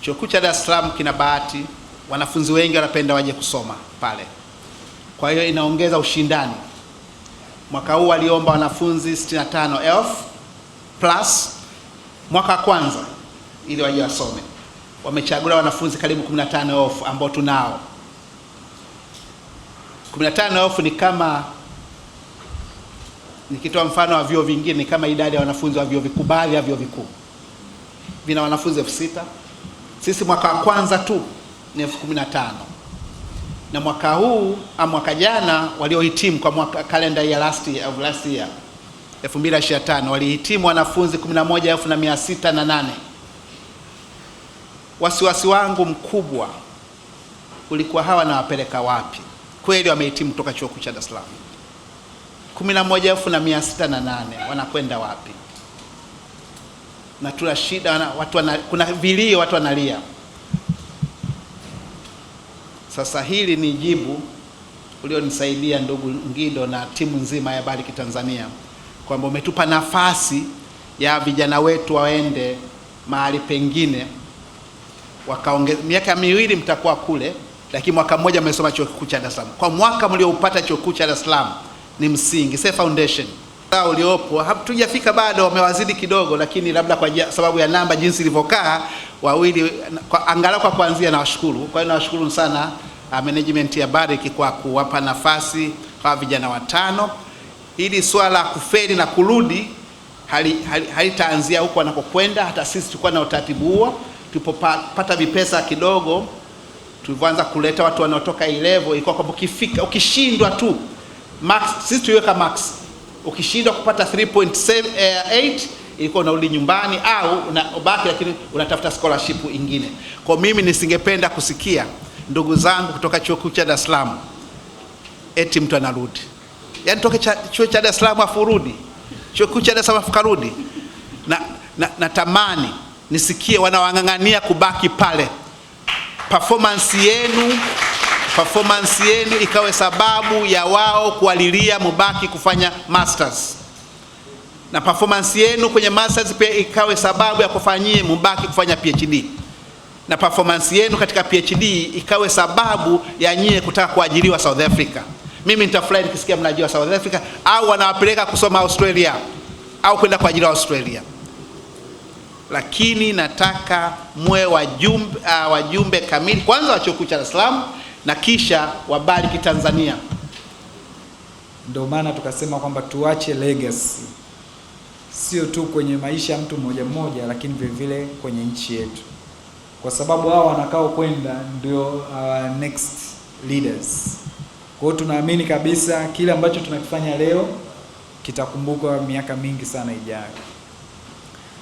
Chuo Kikuu cha Dar es Salaam kina bahati, wanafunzi wengi wanapenda waje kusoma pale, kwa hiyo inaongeza ushindani. Mwaka huu waliomba wanafunzi 65,000 plus mwaka kwanza ili waje wasome, wamechagula wanafunzi karibu 15,000 ambao tunao. 15,000 ni kama nikitoa mfano wa vyuo vingine, ni kama idadi ya wanafunzi wa vyuo vikuu. Baadhi ya vyuo vikuu vina wanafunzi elfu sita sisi mwaka wa kwanza tu ni elfu kumi na tano na mwaka huu a ah, mwaka jana waliohitimu kwa mwaka kalenda ya last year of last year tano walihitimu wanafunzi nane. Wasiwasi wangu mkubwa ulikuwa hawa nawapeleka wapi? Kweli wamehitimu kutoka chuo kikuu cha Dar es Salaam nane wanakwenda wapi? na tuna shida watu wana, kuna vilio watu wanalia. Sasa hili ni jibu ulionisaidia ndugu Ngido na timu nzima ya Bariki Tanzania kwamba umetupa nafasi ya vijana wetu waende mahali pengine wakaongeza. Miaka miwili mtakuwa kule, lakini mwaka mmoja mmesoma chuo kikuu cha Dar es Salaam. Kwa mwaka mlioupata chuo kikuu cha Dar es Salaam ni msingi, say foundation uliopo hatujafika bado, wamewazidi kidogo, lakini labda kwa sababu ya namba jinsi ilivyokaa wawili kwa, angalau kwa kuanzia nawashukuru. Kwa hiyo nawashukuru sana uh, management ya Barrick kwa kuwapa nafasi hawa vijana watano. Hili swala kufeli na kurudi halitaanzia hali huko wanakokwenda. Hata sisi tulikuwa na utaratibu huo, tulipopata vipesa kidogo tulivyoanza kuleta watu wanaotoka ilevo, ilikuwa kwamba ukifika ukishindwa tu max, sisi tuiweka max Ukishindwa kupata 3.8 ilikuwa unarudi nyumbani au unabaki, lakini unatafuta scholarship ingine. Kwa mimi nisingependa kusikia ndugu zangu kutoka chuo kikuu cha Dar es Salaam eti mtu anarudi, yaani toke chuo cha Dar es Salaam afurudi chuo kikuu cha Dar es Salaam afu Na, Na, na, nisikie wanawang'ang'ania kubaki pale performance yenu performance yenu ikawe sababu ya wao kualilia mubaki kufanya masters, na performance yenu kwenye masters pia ikawe sababu ya kufanyie mubaki kufanya PhD, na performance yenu katika PhD ikawe sababu ya nyie kutaka kuajiriwa South Africa. Mimi nitafurahi nikisikia mnaajiriwa South Africa au wanawapeleka kusoma Australia au kwenda kuajiriwa Australia lakini nataka mwe wajumbe, uh, wajumbe kamili kwanza wa chuo kikuu cha Dar es Salaam, na kisha wabariki Tanzania. Ndio maana tukasema kwamba tuache legacy, sio tu kwenye maisha ya mtu mmoja mmoja, lakini vile vile kwenye nchi yetu, kwa sababu hao wanakao kwenda ndio uh, next leaders. Kwa hiyo tunaamini kabisa kile ambacho tunakifanya leo kitakumbukwa miaka mingi sana ijayo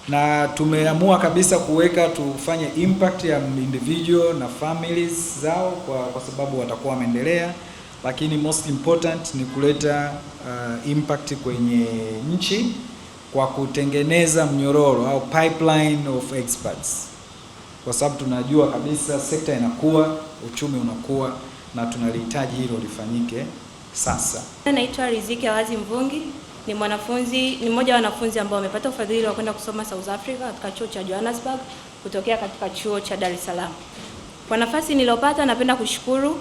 na tumeamua kabisa kuweka tufanye impact ya individual na families zao, kwa, kwa sababu watakuwa wameendelea, lakini most important ni kuleta uh, impact kwenye nchi kwa kutengeneza mnyororo au pipeline of experts, kwa sababu tunajua kabisa sekta inakuwa, uchumi unakuwa, na tunalihitaji hilo lifanyike sasa. Naitwa Riziki Awazi Mvungi ni mwanafunzi ni mmoja wa wanafunzi ambao wamepata ufadhili wa kwenda kusoma South Africa katika chuo cha Johannesburg kutokea katika chuo cha Dar es Salaam. Kwa nafasi niliyopata, napenda kushukuru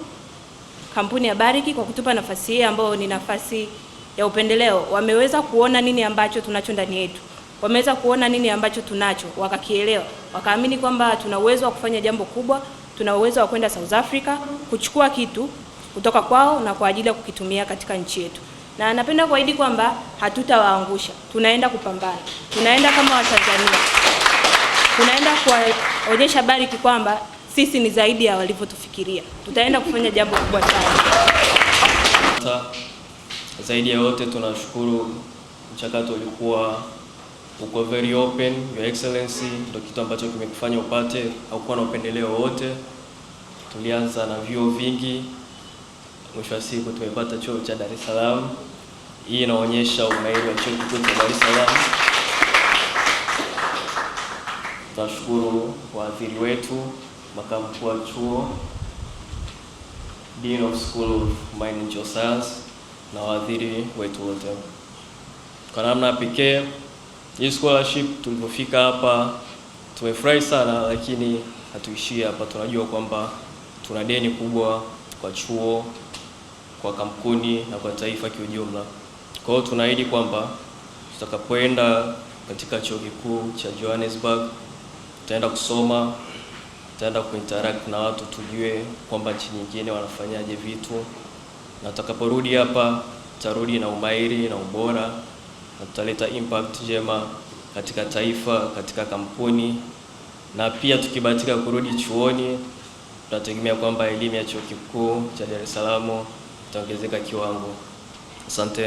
kampuni ya Bariki kwa kutupa nafasi hii ambayo ni nafasi ya upendeleo. Wameweza kuona nini ambacho tunacho ndani yetu, wameweza kuona nini ambacho tunacho, wakakielewa, wakaamini kwamba tuna uwezo wa kufanya jambo kubwa, tuna uwezo wa kwenda South Africa kuchukua kitu kutoka kwao na kwa ajili ya kukitumia katika nchi yetu na napenda kuahidi kwamba hatutawaangusha. Tunaenda kupambana, tunaenda kama Watanzania, tunaenda kuwaonyesha bariki kwamba sisi ni zaidi ya walivyotufikiria. Tutaenda kufanya jambo kubwa sana. Zaidi ya yote tunashukuru, mchakato ulikuwa uko very open, your excellency, ndio kitu ambacho kimekufanya upate, haukuwa na upendeleo wowote. Tulianza na vyuo vingi Mwisho wa siku tumepata chuo cha Dar es Salaam. Hii inaonyesha umahiri wa chuo kikuu cha Dar es Salaam. Tunashukuru waziri wetu, makamu mkuu wa chuo, Dean of School of Mining and Geoscience na waadhiri wetu wote. Kwa namna pekee hii scholarship tulipofika hapa tumefurahi sana, lakini hatuishii hapa. Tunajua kwamba tuna deni kubwa kwa chuo kwa kampuni na kwa taifa kiujumla. Kwa hiyo tunaahidi kwamba tutakapoenda katika chuo kikuu cha Johannesburg, tutaenda kusoma, tutaenda kuinteract na watu, tujue kwamba nchi nyingine wanafanyaje vitu, na tutakaporudi hapa tutarudi na umahiri na ubora, na tutaleta impact njema katika taifa, katika kampuni, na pia tukibahatika kurudi chuoni, tunategemea kwamba elimu ya chuo kikuu cha Dar es Salaam itaongezeka kiwango. Asante.